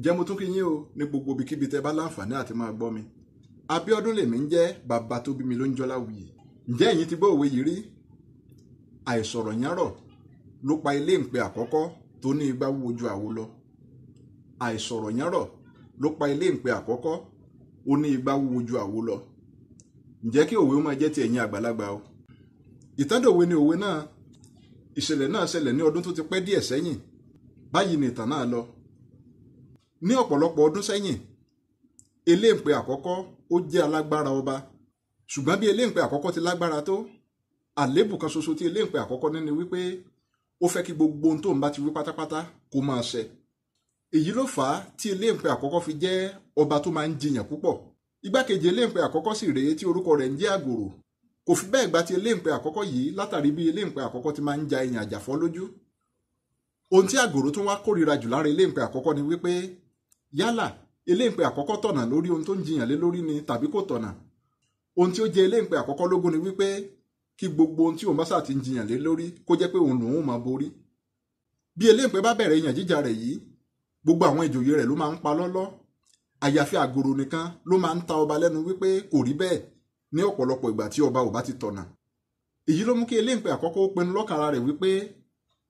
ǹjẹ́ mo tún kí yín o ní gbogbo ibikíbi tẹ́ bá láǹfààní àti máa gbọ́ mi Abíọ́dún lèmi ń jẹ́ bàbá tó bí mi ló ń jọlá wuyì ǹjẹ́ ẹ̀yin ti gbọ́ òwe yìí rí àìsọ̀rọ̀ yánrọ̀ ló pa ilé ìpè àkọ́kọ́ tó ní igbá wúwo ju àwo lọ àìsọ̀rọ̀ yánrọ̀ ló pa ilé ìpè àkọ́kọ́ ó ní igbá wúwo ju àwo lọ ǹjẹ́ kí òwe máa jẹ́ ti ẹ̀yin àgbàlagbà o ìtàndòwe ni òwe náà ìṣẹ̀lẹ̀ náà ṣẹlẹ̀ ní ọdún tó ti pẹ́ díẹ̀ sẹ́yìn báyìí ni ìtàn náà lọ ní ọ̀pọ̀lọpọ̀ ọdún sẹ́yìn eléǹpẹ̀ àkọ́kọ́ ó jẹ́ alágbára ọba ṣùgbọ́n bí eléǹpẹ̀ àkọ́kọ́ ti lágbára tó àléébù kan ṣoṣo tí eléǹpẹ̀ àkọ́kọ́ ní ni wípé ó fẹ́ kí gbogbo ohun tó ń bá ti wí pátápátá kó máa ṣẹ èyí ló fà á tí eléǹpẹ̀ àkọ́kọ́ fi jẹ́ ọba tó máa ń jiyàn púpọ̀ igbákejì eléǹpẹ̀ àkọ́kọ́ sì rèé tí orúkọ rẹ̀ ń jẹ́ àgòrò kò fi bẹ́ẹ̀ gba ti eléǹpẹ̀ àkọ́kọ́ yìí látàrí bí eléǹpẹ̀ àkọ́kọ́ ti máa ń ja ìyàn àjàfọ́ lójú ohun tí àgòrò tún wá kórìíra jù lára eléǹpẹ̀ àkọ́kọ́ ni wípé yálà eléǹpẹ àkọ́kọ́ tọ̀nà lórí ohun tó ń jiyàn lé lórí ni tàbí kò tọ̀nà ohun tí ó jẹ eléǹpẹ àkọ́kọ́ lógún ni wípé kí gbogbo ohun tí òun bá sà ti ń jiyàn lé lórí kó jẹ́ pé òun lòun máa borí bí eléǹpẹ bá bẹ̀rẹ̀ ìyàn jíjà rẹ̀ yìí gbogbo àwọn ìjòyè rẹ̀ ló máa ń pa lọ́lọ́ àyàfi àgòrò nìkan ló máa ń ta ọba lẹ́nu wípé kò rí bẹ́ẹ̀ ní ọ̀pọ̀lọpọ̀ ìgbà tí ọba ò bá ti tọ̀nà èyí ló mú kí eléǹpẹ àkọ́kọ́ ó pinnu lọ́kàrà rẹ̀ wípé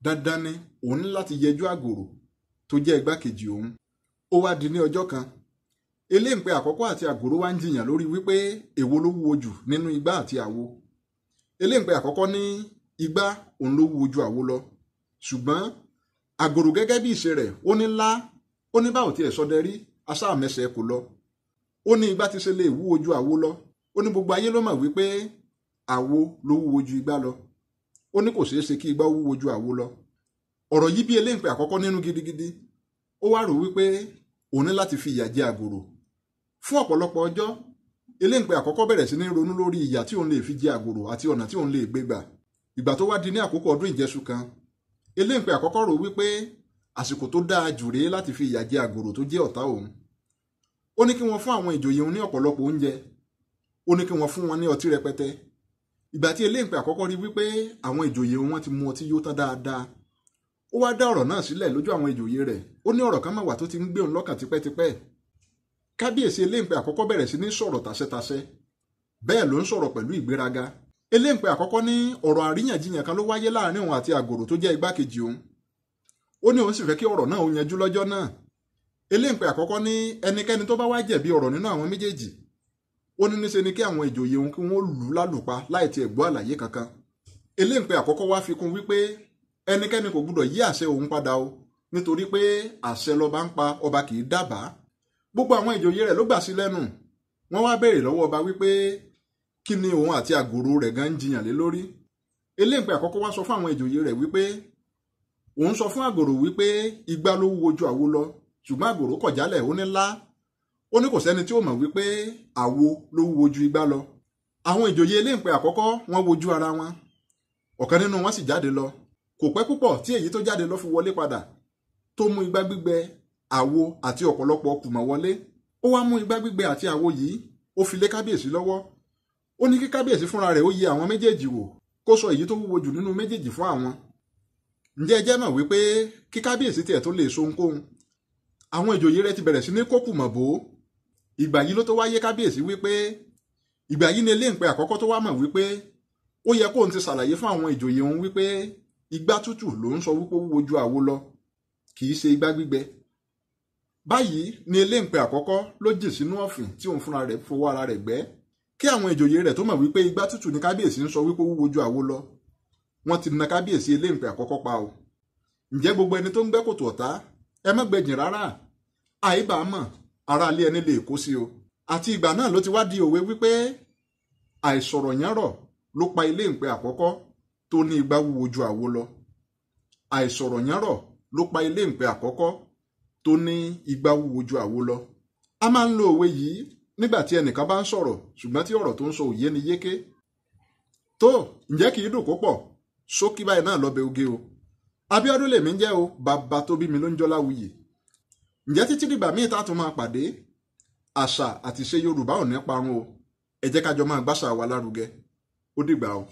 dandan ni òun ní láti yẹjú àgòrò tó jẹ́ igbákejì òun ó wá di ní ọjọ́ kan eléǹpẹ àkọ́kọ́ àti àgòrò wá ń jiyàn lórí wípé èwo ló wúwo jù nínú igbá àti àwo eléǹpẹ àkọ́kọ́ ní igbá òun ló wúwo ju àwo lọ ṣùgbọ́n àgòrò gẹ́gẹ́ bí ìṣe rẹ̀ ó ní ńlá ó ní báwo tiẹ̀ sọdẹ rí aṣáàmẹsẹ̀ kò lọ ó ní igbá ti ṣe lè wúwo ju àwo lọ ó ní gbogbo ayé ló mọ̀ wípé àwo ló wúwo ju igbá lọ ó ní kò ṣeé ṣe kí igbá wúwo ju àwo lọ ọ̀rọ̀ yìí bí eléǹpẹ àkọ́kọ́ nínú gidigidi ó wá rò wípé òun ní láti fi ìyà jẹ àgòrò fún ọ̀pọ̀lọpọ̀ ọjọ́ eléǹpẹ̀ àkọ́kọ́ bẹ̀rẹ̀ sí ní ronú lórí ìyà tí òun lè fi jẹ àgòrò àti ọ̀nà tí òun lè gbé gbà ìgbà tó wá di ní àkókò ọdún ìjẹṣu kan eléǹpẹ̀ àkọ́kọ́ rò wípé àsìkò tó dáa jù rèé láti fi ìyà jẹ àgòrò tó jẹ́ ọ̀tá òun ó ní kí wọ́n fún àwọn ìjòyè òun ní ọ̀pọ̀lọpọ̀ oúnjẹ ó ní kí wọ́n fún wọn ní ọtí rẹpẹtẹ ìgbà tí eléǹpẹ̀ àkọ́kọ́ rí wípé àwọn ìjòyè wọn ti mu ọtí yó tán dáadáa ó wá dá ọ̀rọ̀ náà sílẹ̀ lójú àwọn ìjòyè rẹ̀ ó ní ọ̀rọ̀ kan máa wà tó ti ń gbé òun lọ́kàn tipẹ́tipẹ́ kábíyèsí eléǹpẹ́ àkọ́kọ́ bẹ̀rẹ̀ sí ní sọ̀rọ̀ tàṣẹtàṣẹ bẹ́ẹ̀ ló ń sọ̀rọ̀ pẹ̀lú ìgbéraga eléǹpẹ́ àkọ́kọ́ ní ọ̀rọ̀ àríyànjiyàn kan ló wáyé láàrin òun àti àgòrò tó jẹ́ igbákejì òun ó ní òun sì fẹ́ kí ọ̀rọ̀ náà ó yanjú lọ́jọ́ náà eléǹpẹ́ àkọ́kọ́ ní ẹnikẹ́ni tó bá wá jẹ̀bi ọ̀rọ̀ nínú àwọn méjèèjì ó ní níṣe ni kí àwọn ìjòyè òun kí wọ́n lù ú lálùpa láì tiẹ̀ gbọ́ àlàyé kankan eléǹpẹ́ àkọ́kọ́ wá fi wípé ẹnikẹ́ni kò gbúdọ̀ yí àṣẹ òun padà o nítorí pé àṣẹ lọba ń pa ọba kì í dábàá gbogbo àwọn ìjòyè rẹ̀ ló gbà sí lẹ́nu wọ́n wá béèrè lọ́wọ́ ọba wípé kí ni òun àti àgòrò rẹ̀ gan ń jiyàn lé lórí eléǹpẹ̀ àkọ́kọ́ wá sọ fún àwọn ìjòyè rẹ̀ wípé òun sọ fún àgòrò wípé igbá ló wúwo ju àwo lọ ṣùgbọ́n àgòrò kọ̀ jálẹ̀ ó ní lá ó ní kò sẹ́ni tí ó mọ̀ wípé àwo ló wúwo ju igbá lọ àwọn ìjòyè eléǹpẹ̀ àkọ́kọ́ wọ́n wojú ara wọn ọ̀kan nínú wọn sì jáde lọ kò pẹ́ púpọ̀ tí èyí tó jáde ló fi wọlé padà tó mú igbá gbígbẹ àwo àti ọ̀pọ̀lọpọ̀ kùmọ̀ wọlé ó wá mú igbá gbígbẹ àti àwo yìí ó fi lé kábíyèsí lọ́wọ́ ó ní kí kábíyèsí fúnra rẹ̀ ó yẹ àwọn méjèèjì wò kó sọ èyí tó wúwo jù nínú méjèèjì fún àwọn ǹjẹ́ ẹ jẹ́ mọ̀ wípé kí kábíyèsí tiẹ̀ tó lè so ohunkóhun àwọn ìjòyè rẹ̀ ti bẹ̀rẹ̀ sí ní kó kùmọ̀ bò ó ìgbà yìí ló tó wáyé kábíyèsí wípé ìgbà yìí ni eléǹpẹ àkọ́kọ́ tó wá mọ̀ wípé ó yẹ kóun ti ṣàlàyé fún àwọn ìjòyè òun wípé igbá tútù ló ń sọ wípé ó wojú àwo lọ kì í ṣe igbá gbígbẹ báyìí ni eléǹpẹ àkọ́kọ́ ló jì sínú ọ̀fìn tí òun fúnra rẹ̀ fowó ara rẹ̀ gbẹ́ kí àwọn ìjòyè rẹ̀ tó mọ̀ wípé igbá tútù ni kábíyèsí ń sọ wípé ó wojú àwo lọ wọ́n ti na kábíyèsí eléǹpẹ àkọ́kọ́ pa o ǹjẹ́ gbogbo ẹni tó ń gbẹ́ kòtò ọ̀tá ẹ má gbẹ̀jìn rárá àìbá mọ̀ ara ilé ẹni lè kó sí o àti ìgbà náà ló ti wá di òwe wípé àìsọ̀rọ̀ yẹn rọ̀ ló pa eléǹpẹ àkọ́kọ́ tó ní igbá wúwo ju àwo lọ àìsọ̀rọ̀ yánrọ̀ ló pa ilé ìpè àkọ́kọ́ tó ní igbá wúwo ju àwo lọ a máa ń lo òwe yìí nígbà tí ẹnìkan bá ń sọ̀rọ̀ ṣùgbọ́n tí ọ̀rọ̀ tó ń sọ òye ni yéké tó ǹjẹ́ kì í dùn kó pọ̀ ṣókí báyìí náà lọ́bẹ̀ oge o Abíọ́dún lèmi ń jẹ́ o bàbá tó bí mi ló ń jọ Láwuyì ǹjẹ́ títí dìgbà míì tá a tún máa pàdé àṣà àti ìṣe Yorùbá ò ní parun o ẹ ká jọ máa gbàṣà wa lárugẹ ó dìgbà o.